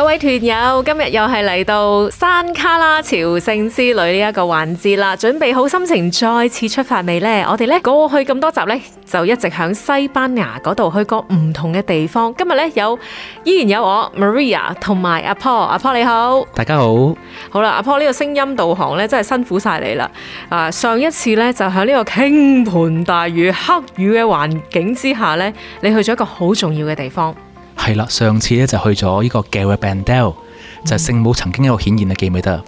各位團友，今日又係嚟到山旮旯朝聖之旅呢一個環節啦，準備好心情再次出發未呢？我哋咧過去咁多集咧，就一直響西班牙嗰度去過唔同嘅地方。今日咧有依然有我 Maria 同埋阿 Paul，阿 Paul 你好，大家好。好啦，阿 Paul 呢個聲音導航咧真係辛苦晒你啦。啊，上一次咧就喺呢個傾盆大雨、黑雨嘅環境之下咧，你去咗一個好重要嘅地方。係啦，上次咧就去咗呢個 Garabandal，a 就聖母曾經有個顯現嘅，記唔記得啊？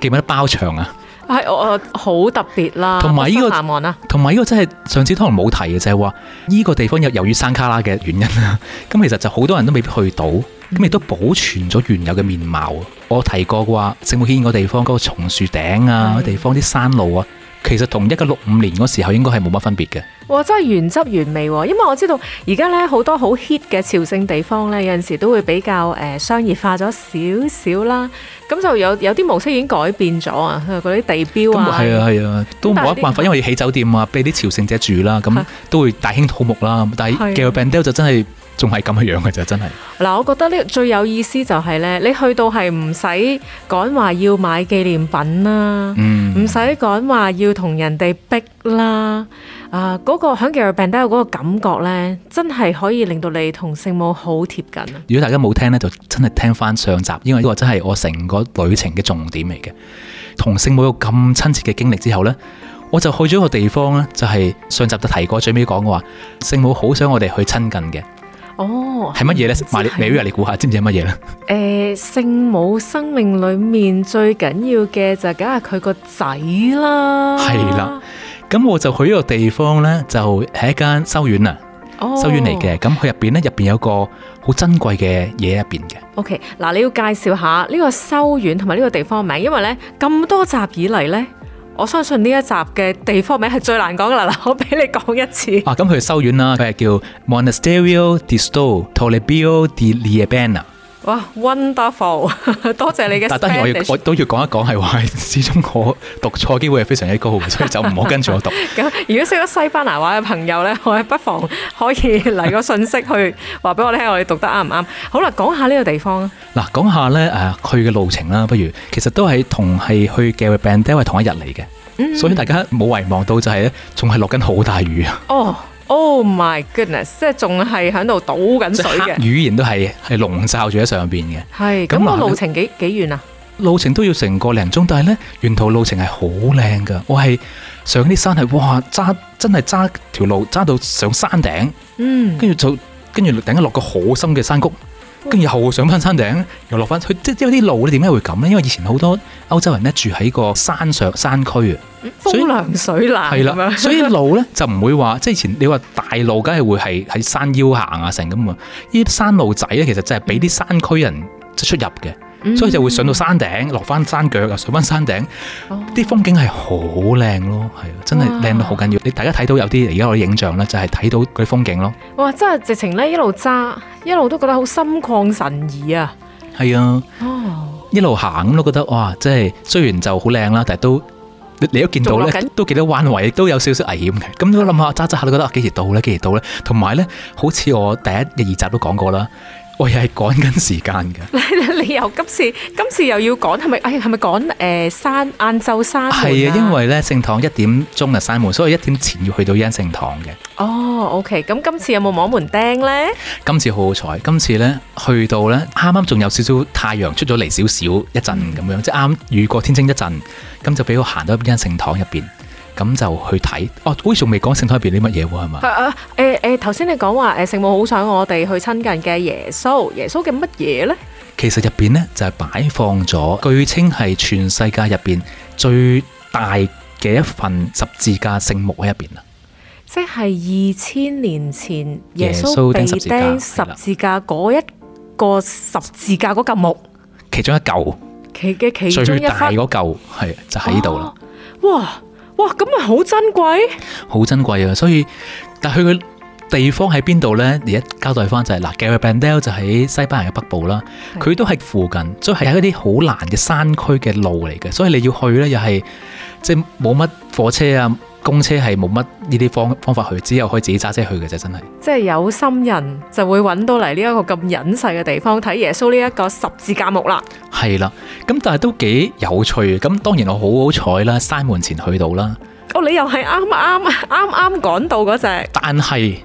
記唔記得包場啊？係、哎、我好特別啦，同埋呢個答同埋呢個真係上次可能冇提嘅就係話呢個地方又由於山卡拉嘅原因啊，咁 其實就好多人都未必去到，咁亦都保存咗原有嘅面貌。我提過嘅話，聖母顯現的地、那個啊的那個地方嗰個松樹頂啊，地方啲山路啊。其實同一九六五年嗰時候應該係冇乜分別嘅，哇、哦！真係原汁原味喎、哦，因為我知道而家咧好多好 hit 嘅朝聖地方咧，有陣時候都會比較誒、呃、商業化咗少少啦，咁就有有啲模式已經改變咗啊，嗰啲地標啊，係、嗯、啊係啊，都冇乜辦法，因為要起酒店啊，俾啲朝聖者住啦，咁都會大興土木啦，但係嘅 b r a 就真係。是啊。仲係咁嘅樣嘅就真係。嗱，我覺得咧最有意思就係咧，你去到係唔使講話要買紀念品啦，唔使講話要同人哋逼啦。啊，嗰個響《寄養病》得嗰個感覺咧，真係可以令到你同聖母好貼近。如果大家冇聽咧，就真係聽翻上集，因為呢個真係我成個旅程嘅重點嚟嘅。同聖母有咁親切嘅經歷之後咧，我就去咗一個地方咧，就係上集都提過最尾講嘅話，聖母好想我哋去親近嘅。哦，係乜嘢咧 m 你估下，知唔知係乜嘢咧？誒、欸，聖母生命裏面最緊要嘅就梗係佢個仔啦。係啦，咁我就去呢個地方咧，就係一間修院啊、哦，修院嚟嘅。咁佢入邊咧，入邊有個好珍貴嘅嘢入邊嘅。OK，嗱，你要介紹下呢個修院同埋呢個地方名，因為咧咁多集以嚟咧。我相信呢一集嘅地方名係最難講嘅啦，我俾你講一次。啊，咁佢修院啦，佢係叫 Monasterio de Sto. Toribio de Liébana。哇，wonderful！多謝你嘅。但係當然我要，我都要講一講係話，始終我讀錯嘅機會係非常之高，所以就唔好跟住我讀。咁 如果識咗西班牙話嘅朋友咧，我係不妨可以嚟個信息去話俾我聽， 我哋讀得啱唔啱？好啦，講下呢個地方啦。嗱，講下咧誒，去嘅路程啦，不如其實都係同係去嘅 Bandel 係同一日嚟嘅，所以大家冇遺忘到就係、是、咧，仲係落緊好大雨啊。哦。Oh my goodness！即係仲係喺度倒緊水嘅，語言都係係籠罩住喺上邊嘅。係，咁個路程幾幾遠啊？路程都要成個零鐘，但係咧，沿途路程係好靚㗎。我係上啲山係，哇！揸真係揸條路揸到上山頂，嗯，跟住就，跟住突然間落個好深嘅山谷。跟住又上翻山頂，又落翻去，佢即係因為啲路咧，點解會咁咧？因為以前好多歐洲人咧住喺個山上山區啊，風涼水冷，係啦，所以路咧就唔會話即係以前你話大路梗係會係喺山腰行啊成咁嘛。呢啲山路仔咧其實真係俾啲山區人出入嘅。所以就會上到山頂，落翻山腳啊，上翻山頂，啲、oh. 風景係好靚咯，係啊，真係靚到好緊要、啊。你大家睇到有啲而家我啲影像咧，就係睇到嗰啲風景咯。哇，真係直情咧一路揸，一路都覺得好心曠神怡啊。係啊，oh. 一路行都覺得哇，即係雖然就好靚啦，但係都你也看都見到咧，都幾多彎位，都有少少危險嘅。咁都諗下揸揸下，都覺得啊，幾時到咧？幾時到咧？同埋咧，好似我第一第二集都講過啦。我又係趕緊時間嘅， 你又今次今次又要趕，係咪？哎，係咪趕？誒、呃，閂晏晝閂門，係啊，因為咧聖堂一點鐘就閂門，所以一點前要去到呢間聖堂嘅。哦，OK，咁今次有冇摸門釘咧？今次好好彩，今次咧去到咧啱啱仲有少少太陽出咗嚟少少一陣咁樣，即係啱雨過天晴一陣，咁就俾我行到一間聖堂入邊。咁就去睇，哦，好似仲未講聖壇入邊啲乜嘢喎，係嘛？啊啊誒誒，頭、欸、先、欸、你講話誒，聖母好想我哋去親近嘅，耶穌，耶穌嘅乜嘢咧？其實入邊咧就係、是、擺放咗，據稱係全世界入邊最大嘅一份十字架聖木喺入邊啦。即係二千年前耶穌被釘十字架嗰一個十字架嗰嚿木，其中一嚿，其嘅其中一嚿，最大嗰嚿，係就喺度啦。哇！哇，咁咪好珍貴，好珍貴啊！所以，但係佢嘅地方喺邊度咧？而家交代翻就係嗱，Garabandal 就喺西班牙嘅北部啦，佢都係附近，所以係喺一啲好難嘅山區嘅路嚟嘅，所以你要去咧又係即係冇乜火車啊。公車係冇乜呢啲方方法去，只有可以自己揸車去嘅啫，真係。即係有心人就會揾到嚟呢一個咁隱世嘅地方睇耶穌呢一個十字架木啦。係啦，咁但係都幾有趣。咁當然我好好彩啦，閂門前去到啦。哦，你又係啱啱啱啱趕到嗰隻。但係，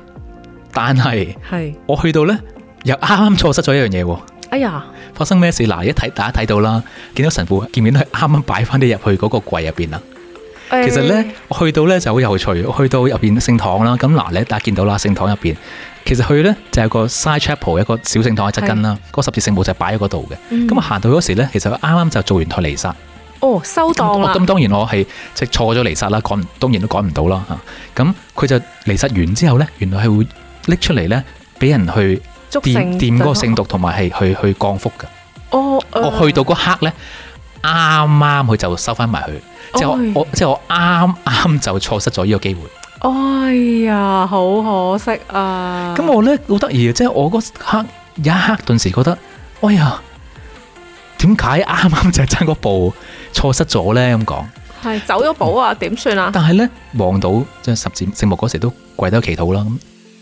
但係，係。我去到呢，又啱啱錯失咗一樣嘢喎。哎呀！發生咩事嗱？一睇大家睇到啦，見到神父，見面見係啱啱擺翻啲入去嗰個櫃入邊啊？其實咧，我去到咧就好有趣。去到入邊聖堂啦，咁嗱你大家見到啦，聖堂入邊其實去咧就有個 side chapel 一個小聖堂嘅側邊啦，個十字聖母就係擺喺嗰度嘅。咁啊行到嗰時咧，其實佢啱啱就做完台彌撒。哦，收檔啦。咁當然我係即係錯咗彌撒啦，改、就是、當然都改唔到啦嚇。咁、啊、佢就彌撒完之後咧，原來係會拎出嚟咧，俾人去掂掂個聖髑同埋係去去，去降福嘅。哦，我去到嗰刻咧。啱啱佢就收翻埋去，哎，即係我、哎，我，即係我啱啱就錯失咗呢個機會。哎呀，好可惜啊！咁我咧好得意啊，即係我嗰刻一刻，一刻頓時覺得，哎呀，點解啱啱就差個步錯失咗咧？咁講係走咗步啊？點算啊？但係咧望到即係十字聖木嗰時都跪低祈禱啦。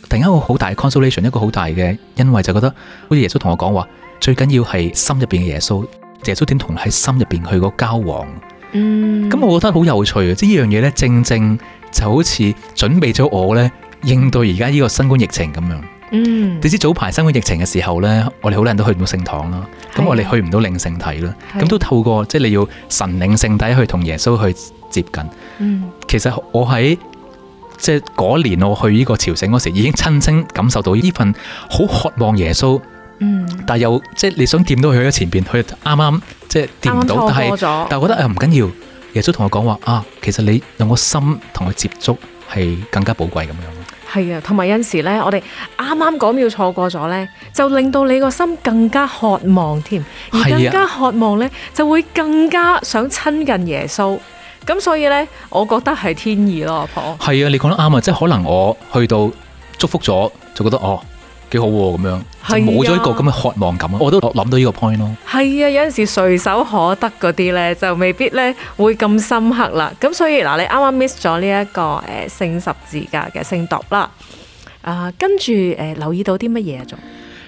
突然間一個好大嘅 consolation，一個好大嘅，因為就覺得好似耶穌同我講話，最緊要係心入邊嘅耶穌。耶穌點同喺心入邊去過交往？嗯，咁我覺得好有趣啊！即係呢樣嘢咧，正正就好似準備咗我咧，應對而家呢個新冠疫情咁樣。嗯，你知早排新冠疫情嘅時候咧，我哋好多人都去唔到聖堂啦，咁我哋去唔到領聖體啦，咁都透過即係你要神領聖體去同耶穌去接近。嗯，其實我喺即係嗰年我去呢個朝聖嗰時，已經親身感受到呢份好渴望耶穌。嗯，但又即係你想掂到佢喺前邊，佢啱啱即係掂唔到。但係但係我覺得啊唔緊要，耶穌同我講話啊，其實你用個心同佢接觸係更加寶貴咁樣。係啊，同埋有時咧，我哋啱啱嗰秒錯過咗咧，就令到你個心更加渴望添，而更加渴望咧，啊，就會更加想親近耶穌。咁所以咧，我覺得係天意咯，阿婆。係啊，你講得啱啊，即係可能我去到祝福咗，就覺得哦。幾好喎，咁樣就冇咗一個咁嘅渴望感啊！我都諗到呢個 point 咯。係啊，有陣時隨手可得嗰啲咧，就未必咧會咁深刻啦。咁所以嗱，你啱啱 miss 咗呢一個誒聖十字架嘅聖髑啦。啊，跟住誒留意到啲乜嘢啊？仲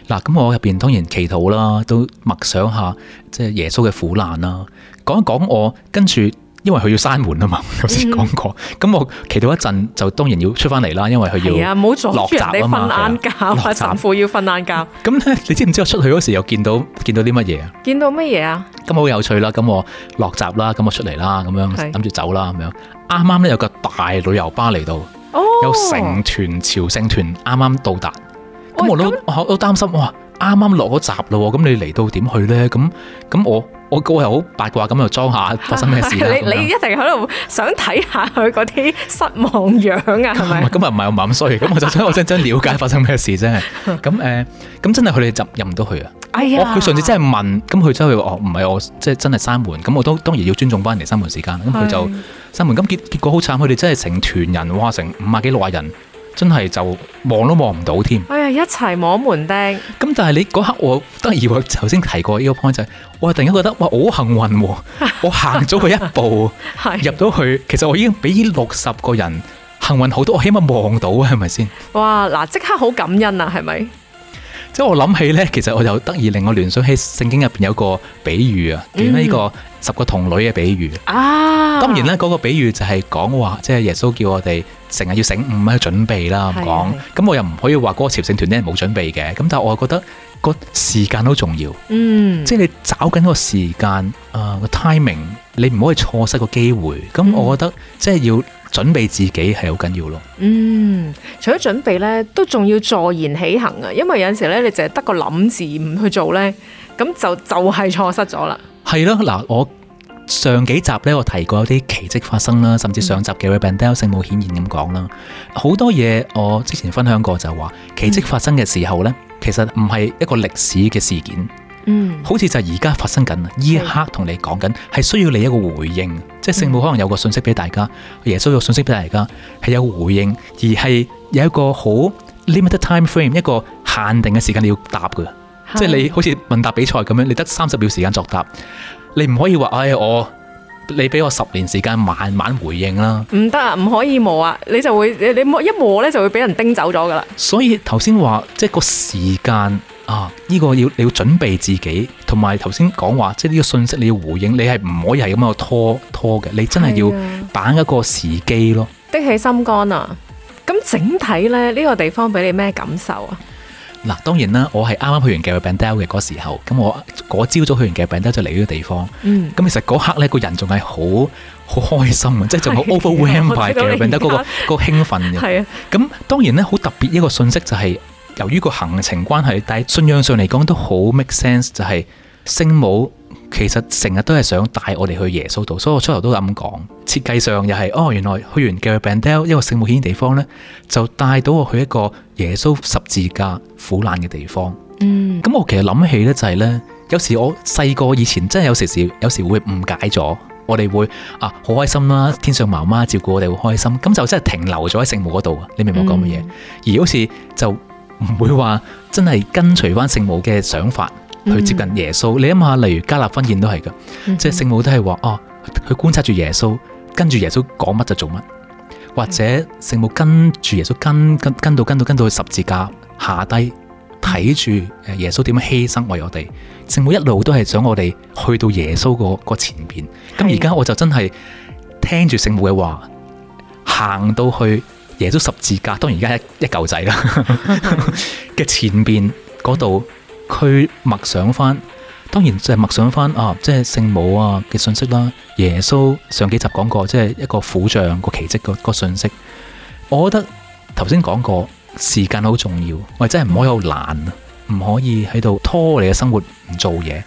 嗱，咁我入邊當然祈禱啦，都默想下即係耶穌嘅苦難啦。講一講我跟住。因為佢要閂門啊嘛，我先講過。咁、嗯、我企到一陣，就當然要出翻嚟啦。因為佢要落閘啊，唔好阻住你瞓晏覺，神父要瞓晏覺。咁 咧，你知唔知我出去嗰時又見到見到啲乜嘢？見到乜嘢啊？咁好有趣啦！咁我落閘啦，咁我出嚟啦，咁樣諗住走啦，咁樣啱啱咧有個大旅遊巴嚟到、哦，有成團朝聖團啱啱到達。咁、哦、我都我都擔心，哇！啱啱落咗閘咯，咁你嚟到點去咧？咁咁我。我個又好八卦咁就裝下發生咩事，啊、你你一定喺度想睇下佢嗰啲失望樣啊？係 咪？咁啊唔係我唔係咁衰，咁 我就想我真真了解發生咩事啫。咁 誒，咁、呃、真係佢哋入入唔到去啊！哎、呀，佢上次真係問，咁佢真係唔係我即係、就係、真係閂門。咁我都當然要尊重翻人哋閂門時間。咁佢就閂門。咁結結果好慘，佢哋真係成團人哇，成五啊幾六啊人。真係就望都望唔到添。哎呀，一齊摸門釘。咁但係你嗰刻我得意話頭先提過呢個 point 就係、是，我突然間覺得哇我好幸運喎，我行咗佢一步， 入到去，其實我已經比六十個人幸運好多，我起碼望到啊，係咪先？哇，嗱即刻好感恩啊，係咪？即係我諗起咧，其實我就得意令我聯想起聖經入邊有個比喻啊，點、嗯、呢個十個童女嘅比喻。啊！當然啦，嗰、那個比喻就係講話，即係耶穌叫我哋。成日要醒悟去準備啦，咁講，咁我又唔可以話嗰個朝聖團啲人冇準備嘅，咁但係我覺得個時間都重要，嗯，即係你找緊個時間啊，個 timing，你唔可以錯失個機會，咁我覺得即係要準備自己係好緊要咯，嗯，除咗準備呢，都仲要坐言起行啊，因為有陣時呢，你淨係得個諗字唔去做呢，咁就就係、是、錯失咗啦，係咯，嗱我。上幾集咧，我提過有啲奇蹟發生啦，甚至上集嘅 Garabandal 聖母顯現咁講啦，好多嘢我之前分享過就話奇蹟發生嘅時候咧，其實唔係一個歷史嘅事件，嗯，好似就係而家發生緊，呢一刻同你講緊係需要你一個回應，嗯、即係聖母可能有個信息俾大家，嗯、耶穌有信息俾大家，係有回應，而係有一個好 limited time frame 一個限定嘅時間你要答嘅，即係你好似問答比賽咁樣，你得三十秒時間作答。你唔可以話，哎我，你俾我十年時間慢慢回應啦，唔得啊，唔可以磨啊，你就會你你一磨咧，就會俾人叮走咗噶啦。所以頭先話即係個時間啊，呢個要你要準備自己，同埋頭先講話即係呢個信息，你要回應，你係唔可以係咁樣拖拖嘅，你真係要把握個時機咯。啊，的起心肝啊！咁整體咧呢個地方俾你咩感受啊？嗱，當然啦，我係啱啱去完 Garabandal 嘅嗰時候，咁我嗰朝早去完 Garabandal 就嚟呢個地方，咁、嗯、其實嗰刻咧個人仲係好好開心啊，嗯、即係仲好 overwhelmed by Garabandal 嗰個、嗰個興奮嘅。咁、嗯、當然咧好特別一個訊息就係，由於個行程關係，但係信仰上嚟講都好 make sense，就係聖母。其實成日都係想帶我哋去耶穌度，所以我出頭都咁講，設計上又係哦，原來去完 Garabandal 一個聖母顯嘅地方呢，就帶到我去一個耶穌十字架苦難嘅地方。嗯，咁我其實諗起呢，就係、是、呢，有時我細個以前真係有時時，有時會誤解咗，我哋會啊好開心啦，天上媽媽照顧我哋好開心，咁就真係停留咗喺聖母嗰度啊！你明唔明我講乜嘢？而好似就唔會話真係跟隨翻聖母嘅想法。去接近耶穌，mm-hmm. 你諗下，例如加納婚宴都係噶，即係聖母都係話哦，去、啊、觀察住耶穌，跟住耶穌講乜就做乜，mm-hmm. 或者聖母跟住耶穌跟跟跟到跟到跟到去十字架下低睇住耶穌點樣犧牲為我哋，聖母一路都係想我哋去到耶穌個前邊，咁而家我就真係聽住聖母嘅話，行到去耶穌十字架，當然而家一一舊仔啦嘅、 mm-hmm. 前邊嗰度。Mm-hmm. 佢默想翻，當然即係默想翻啊，即係聖母啊嘅信息啦。耶穌上幾集講過，即係一個苦像個奇蹟個、那個信息。我覺得頭先講過時間好重要，或者係唔可以懶，唔可以喺度拖你嘅生活唔做嘢。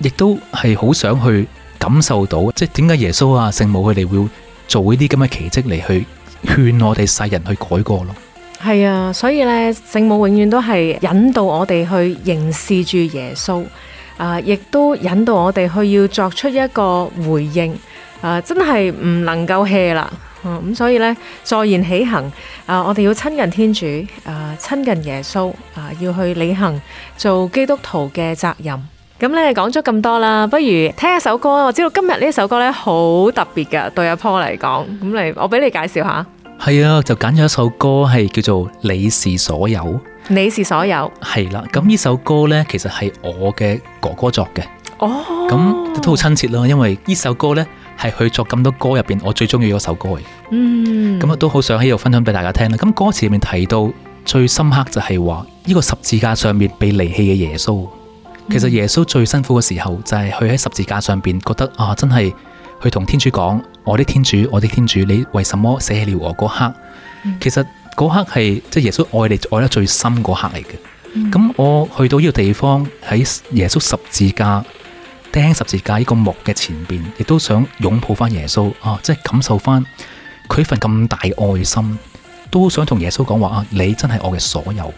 亦都係好想去感受到，即係點解耶穌啊、聖母佢哋會做呢啲咁嘅奇蹟嚟去勸我哋世人去改過咯。係啊，所以咧，聖母永遠都係引導我哋去凝視住耶穌，啊，亦都引導我哋去要作出一個回應，啊，真係唔能夠 hea 啦，啊，咁所以咧，坐言起行，啊，我哋要親近天主，啊，親近耶穌，啊，要去履行做基督徒嘅責任。咁咧講咗咁多啦，不如聽一首歌。我知道今日呢一首歌咧好特別㗎，對阿 Paul 嚟講，咁嚟我俾你介紹下。係啊，就揀咗一首歌，係叫做《你是所有》，你是所有，係啦，啊。咁呢首歌呢，其實係我嘅哥哥作嘅。哦，咁都好親切咯。因為呢首歌呢，係佢作咁多歌入邊，我最中意嗰首歌嘅。嗯，咁我都好想喺度分享俾大家聽啦。咁歌詞入面提到最深刻就係話，呢，這個十字架上面被離棄嘅耶穌，其實耶穌最辛苦嘅時候就係佢喺十字架上邊覺得啊，真係。去同天主講，我的天主，我的天主，你為什麼捨棄了我？嗰刻、嗯，其實嗰刻係即係耶穌愛你愛得最深嗰刻嚟嘅。咁、嗯、我去到呢個地方喺耶穌十字架釘十字架呢個木嘅前邊，亦都想擁抱翻耶穌啊！即係感受翻佢份咁大嘅愛心，都想同耶穌講話啊！你真係我嘅所有。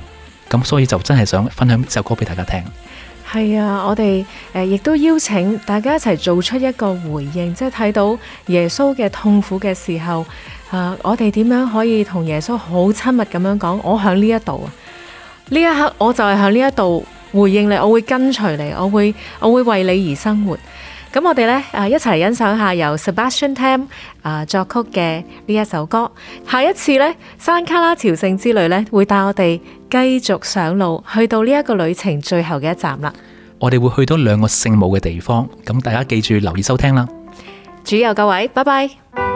咁所以就真係想分享呢首歌俾大家聽。係啊，我哋誒亦都邀請大家一齊做出一個回應，即係睇到耶穌嘅痛苦嘅時候，啊，我哋點樣可以同耶穌好親密咁樣講？我喺呢一度啊，呢一刻我就係喺呢一度回應你，我會跟隨你，我會我會為你而生活。咁我哋咧，啊一齊欣賞下由 Sebastian Tam 啊作曲嘅呢一首歌。下一次咧，山旮旯朝聖之旅咧，會帶我哋繼續上路，去到呢一個旅程最後嘅一站啦。我哋會去到兩個聖母嘅地方，咁大家記住留意收聽啦。主佑各位，拜拜。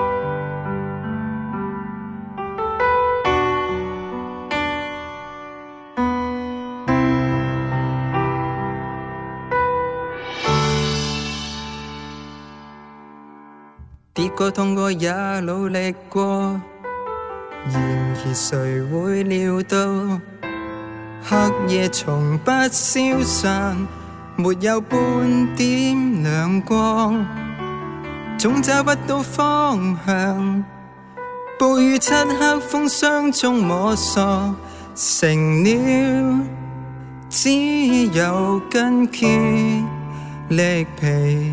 過痛過也努力過，然而誰會料到，黑夜從不消散，沒有半點亮光，總找不到方向，暴雨漆黑風霜中摸索，成了只有筋竭力疲。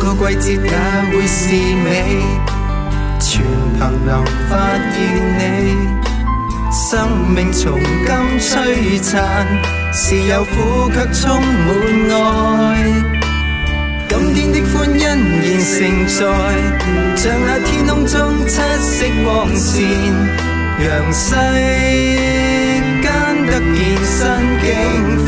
每、這個季節也會是美，全憑能發現你。生命從今璀璨，是有苦卻充滿愛。今天的歡欣現成在，像那天空中七色光線，讓世間得見新境。